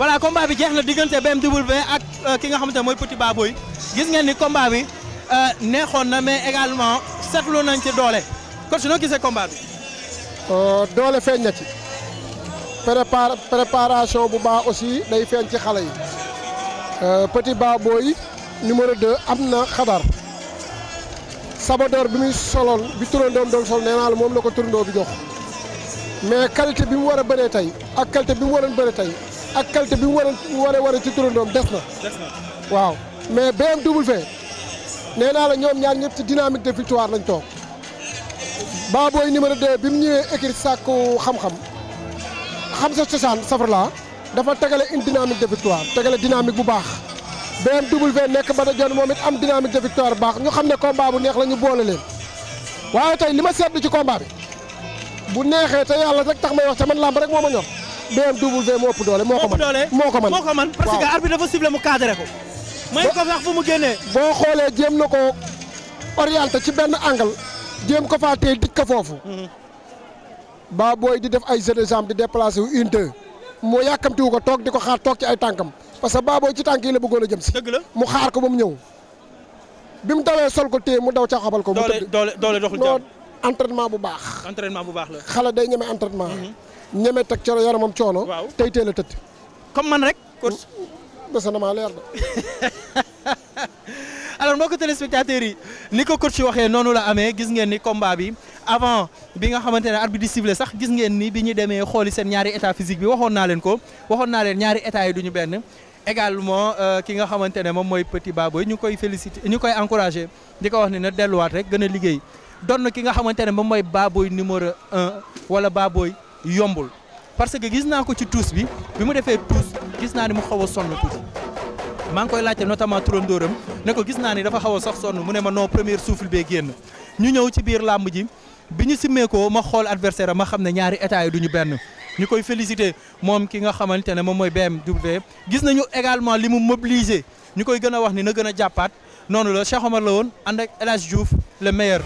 voilà combat bi jeex na diggante BMW ak euh, ki nga xamante ne mooy Petit Baboy gis ngeen ni combat euh, neexoon na mais également seetlu nañ ci doole si noo gisee combat euh, doole feeñ na ci. prépar préparation bu baa aussi day feeñ ci xale yi. Petit Baboy numéro 2 am na xadar. Sabador bi muy soloon bi turandoo doon sol nee la moom la ko turandoo bi jox mais qualité bi mu war a bëree tey ak qualité bi mu waroon bëree tey. ak qualité bi mu war a war a ci turandoom des na. waaw mais BMW nee naa la ñoom ñaar ñëpp ci dynamique de victoire lañ toog Baboy numéro 2 bi mu ñëwee écrit sàkku xam-xam xam sa cosaan safar laa dafa tegale une dynamique de victoire tegale dynamique bu baax. BMW nekk ba dajoon moom it am dynamique de victoire bu baax ñu xam ne combat bu neex la ñu boole leen waaye tey li ma seetlu ci combat bi bu neexee te yàlla rek tax may wax ca man làmb rek moo ma ñor. BMW moo ëpp doole moo ko mën moo ko mën moo ko man parce que arbitre dafa ciblé mu cadré ko may ko wax boo xoolee jéem na ko orienté ci benn angle jéem ko faa tey dikk ko foofu mhm. ba booy di def ay jeu de di déplacé wu une deux moo yàkkamtiwu ko toog di ko xaar toog ci ay tànkam parce que baabooy ci tànk yi la bëggoon a jëm si dëgg la mu xaar ko ba mu ñëw bi mu dawee sol ko téye mu daw ca xabal ko mu tëdd doole doole doxul entraînement bu baax entraînement bu baax la xale day ñeme entraînement mhm. ñeme teg ca moom coono. waaw tey teel a tëdd. comme man rek. coach bese na maa leer de. alors mbokk téléspectateurs yi ni ko coach waxee noonu la amee gis ngeen ni combat bi avant bi nga xamante ne arbitre di sifflé sax gis ngeen ni bi ñu demee xooli seen ñaari état physique bi waxoon naa leen ko waxoon naa leen ñaari état yi du ñu benn. également euh, ki nga xamante ne moom mooy Petit Baboy ñu koy félicité ñu koy encouragé di ko wax ne delluwaat rek gën a liggéey doon ki nga xamante ne moom mooy Baboy numéro un wala Baboy. yombul parce que gis naa ko ci tuus bi bi mu defee tuus gis naa ni mu xaw a sonn tuuti maa ngi koy laajte notamment turandóoram ne ko gis naa ni dafa xaw a sax sonn mu ne ma noo premier souffle bee génn ñu ñëw ci biir làmb ji bi ñu simmeekoo ma xool adversaire ma xam ne ñaari état yi duñu benn ñu koy félicité moom ki nga xamante ne moom mooy BMW gis nañu également li mu mobilisé ñu koy gën a wax ni na gën a jàppaat noonu la Cheikh Omar la woon ànd ak El le meilleur